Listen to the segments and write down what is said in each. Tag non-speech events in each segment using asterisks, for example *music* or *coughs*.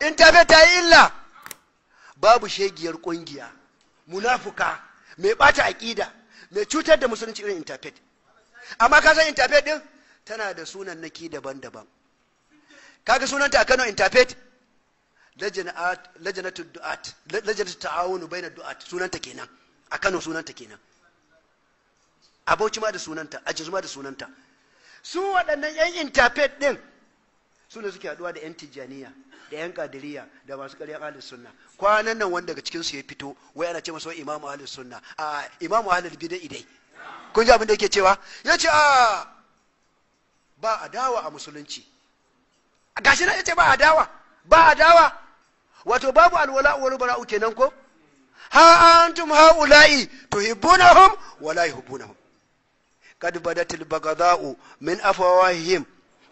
in tafe ta yi illa babu shegiyar kungiya munafuka mai ɓata aƙida mai cutar da musulunci irin interpret amma ka san interpret din tana da sunan naki daban-daban kaga sunanta a Kano interpret lajanatu du'at lajnatu ta'awunu baina du'at sunanta kenan a Kano sunanta kenan a Bauchi ma da sunanta a Jos ma da sunanta su waɗannan yan interpret din su ne suke haduwa da yan tijjaniya da yan kadiriya da masu karyar ahlus sunna kwanan nan wanda daga cikinsu ya fito wai ana ce masa imamu ahlus sunna a imamu ahlul bidan dai kun ji abin da yake cewa yace a ba a dawa a musulunci gashi na yace ba dawa ba dawa wato babu alwala wal bara'u kenan ko ha antum haula'i tuhibbunahum wa la yuhibbunahum qad badatil baghdha'u min afwahihim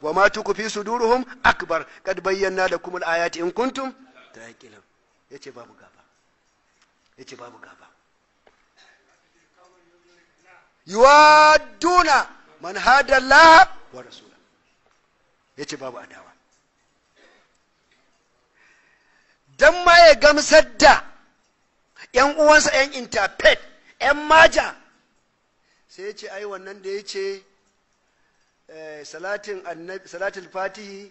wa ma tuku fi suduruhum akbar kad bayyana lakum al-ayati in kuntum taqilun yace babu gaba yace babu gaba yuwadduna man hada Allah wa rasula yace babu adawa dan ma ya gamsar da ‘yan uwansa ‘yan interpret ‘yan maja sai ya ce ai wannan da ya Eh, salatin salatul fatihi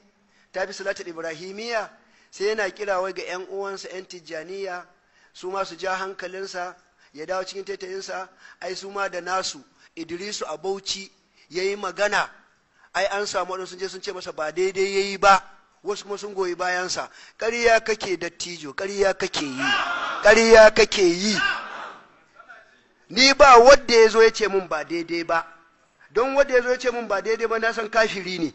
ta fi salatul ibrahimiya sai yana kirawa ga yan uwansa yan tijjaniya su ma su ja hankalinsa ya dawo cikin taitayinsa ai su ma da nasu idrisu a bauchi ya yi magana ai an samu waɗansu je sun ce masa ba daidai ya yi ba wasu kuma sun goyi bayansa ƙarya kake dattijo ƙarya kake yi ƙarya kake yi ni ba wadda ya zo ya ce mun ba daidai ba don wanda ya zo ya ce min ba daidai ba na san kafiri ne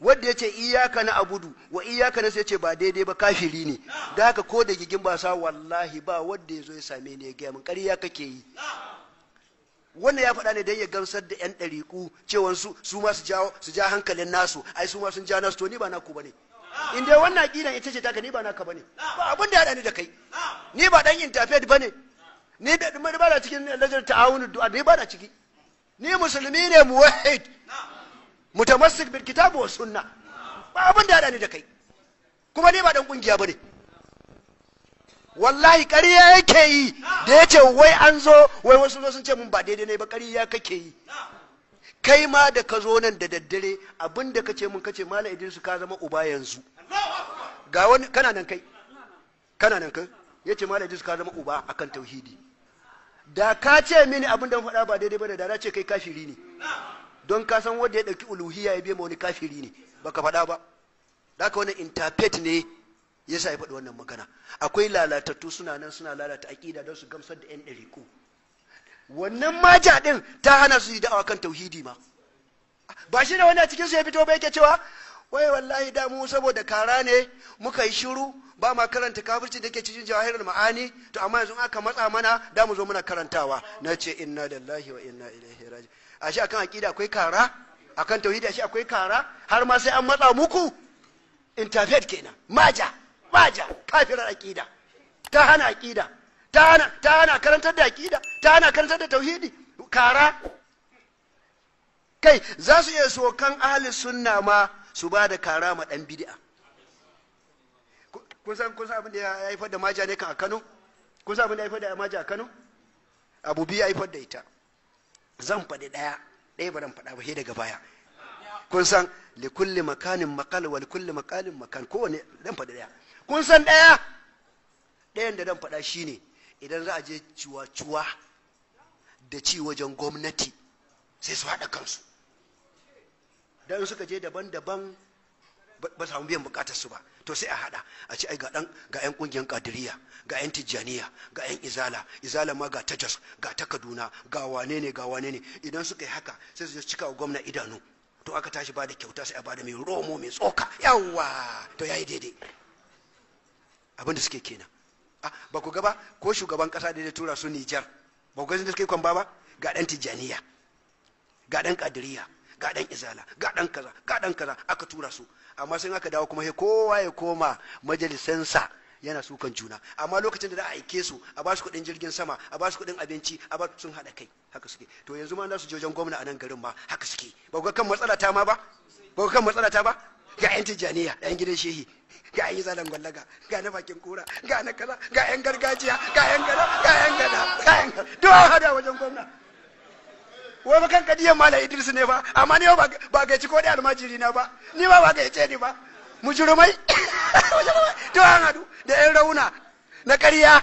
wanda ya ce iyaka na abudu wa iyaka na sai ce ba daidai ba kafiri ne da haka ko da gigin ba sa wallahi ba wanda ya zo ya same ni ya gaya min ƙarya kake yi wannan ya faɗa ne don ya gamsar da 'yan ɗariƙu cewa su su ma su ja hankalin nasu ai su ma sun ja nasu to ni ba naku bane in dai wannan aƙida ita ce taka ni ba naka bane ba abin da ya haɗa da kai ni ba ɗan ba bane ni ba da cikin lajar ta'awunu du'a ni ba da ciki ni musulmi ne muwahid mutamassik bil kitabi was sunna ba abin da ni da kai kuma ni ba dan kungiya bane wallahi kariya yake yi da yace wai an zo wai wasu zo sun ce mun ba daidai ne ba kariya kake yi kai ma da ka zo nan da daddare abin da kace mun kace mala idrisu ka zama uba yanzu ga wani kana nan kai kana nan kai yace mala idrisu ka zama uba akan tauhidi da ka ce mini abin da faɗa ba daidai ba da na ce kai kafiri ne don ka san wanda ya ɗauki uluhiya ya biya ma wani kafiri ne ba ka faɗa ba da ka wannan interpret ne ya sa ya faɗi wannan magana akwai lalatattu suna nan suna lalata aƙida don su gamsar da 'yan ɗariƙu wannan maja ɗin ta hana su yi da'awa kan tauhidi ma ba shi da wani a cikinsu ya fito ba yake cewa wai wallahi da mu saboda kara ne muka yi shiru ba ma karanta kafirci da ke cikin jawahirar ma'ani to amma yanzu aka matsa mana da mu zo muna karantawa na ce inna lillahi wa inna ilaihi raji ashe akan aqida akwai kara akan tauhidi ashe akwai kara har ma sai an matsa muku interfet kenan maja maja kafirar aqida ta hana aqida ta hana ta hana karantar da aqida ta hana karantar da tauhidi kara kai za su iya sokan ahli sunna ma su ba da kara ma dan bid'a kun san kun san abin da ya haifar da maja ne kan a Kano kun san abin da ya haifar da maja a Kano abu biyu ya haifar da ita zan faɗi ɗaya ɗaya ba zan faɗa ba he daga baya kun san li kulli makanin maqal wa li kulli maqalin makan kowane dan faɗi ɗaya kun san ɗaya ɗayan da dan faɗa shine idan za a je ciwa-ciwa da ci wajen gwamnati sai su haɗa kansu dan suka je daban-daban ba samu biyan bukatar su ba to sai a hada a ce ai ga dan ga yan kungiyar kadiriya ga yan tijaniya ga yan izala izala ma ga ta jos ga ta kaduna ga wane ne ga wane ne idan suka yi haka sai su cika wa gwamna idanu to aka tashi ba da kyauta sai a ba da mai romo mai tsoka yawa to yayi daidai abin suke kenan a ba ku gaba ko shugaban kasa da ya tura su Nijar ba ku gazin da suke kwamba ba ga dan tijaniya ga dan kadiriya ga dan izala ga dan kaza ga dan kaza aka tura su amma sai aka dawo kuma he kowa ya koma majalisansa yana sukan juna amma lokacin da za a aike su a ba su kudin jirgin sama a ba su kudin abinci a ba sun haɗa kai haka suke to yanzu ma za su je wajen gwamna a nan garin ma haka suke ba ga kan matsala ta ma ba ba ga kan matsala ta ba ga yan tijaniya yan gidan shehi ga yan zalan gwallaga ga na bakin kura ga na kaza ga yan gargajiya ga yan gada ga yan gada ga yan gada duk hada wajen gwamna wai ba kan kadiyan mala idris ne ba amma ni ba ga ci ko da almajiri na ba ni ba ba ga ce ni ba *coughs* mujurumai to an hadu da yan rauna na ƙarya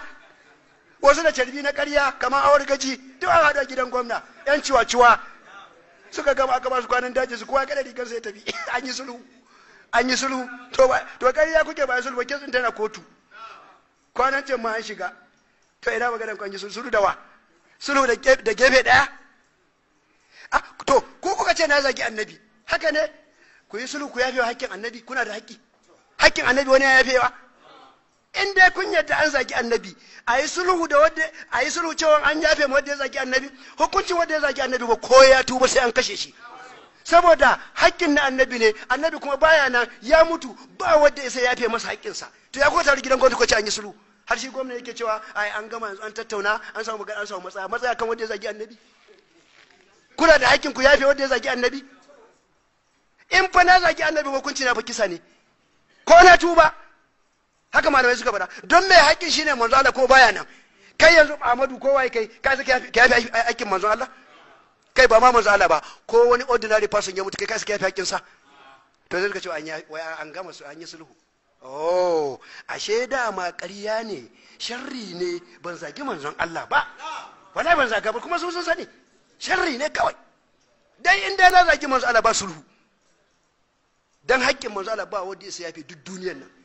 wasu da carbi na ƙarya kamar awar gaji to an hadu a gidan gwamna yan ciwa-ciwa suka gama aka ba su kwanan daji su kowa kada rigar sai tafi *coughs* an yi sulhu an yi sulhu to to ƙarya kuke ba sulhu kin tana kotu kwanan can ma an shiga to ina magana kwanji sulhu da wa sulhu da gefe daya to ko kuka ce na zagi annabi haka ne ku yi sulhu ku yafe wa hakkin annabi kuna da haƙƙi hakkin annabi wani ya wa in dai kun yadda an zagi annabi a yi sulhu da wadda a yi sulhu cewa an yafe ma wadda ya zagi annabi hukuncin wadda ya zagi annabi ba ko ya tuba sai an kashe shi saboda hakkin na annabi ne annabi kuma baya nan ya mutu ba wadda sai yafe masa hakkinsa to ya kuma tare gidan gwamnati ko ce an yi sulhu har shi gwamnati yake cewa ai an gama yanzu an tattauna an samu magana an samu matsaya matsaya kan wadda ya zagi annabi kuna da hakkin ku yafe wanda ya zagi annabi in fa na zagi annabi hukunci na fa kisa ne ko na tuba haka malamai suka faɗa don me hakkin shine manzo Allah ko baya nan kai yanzu Ahmadu ko wai kai ka saka yafi hakkin manzo Allah kai ba ma manzo Allah ba ko wani ordinary person ya mutu kai ka saka yafi hakkin sa to sai suka ce an wai an gama su an yi sulhu oh ashe dama ƙarya ne sharri ne ban zagi manzon Allah ba wallahi ban zaga ba kuma su sun sani sharri ne kawai dan inda ya zaki manzo Allah ba sulhu dan haƙƙin manzo Allah ba wanda ya yafi duk duniyar nan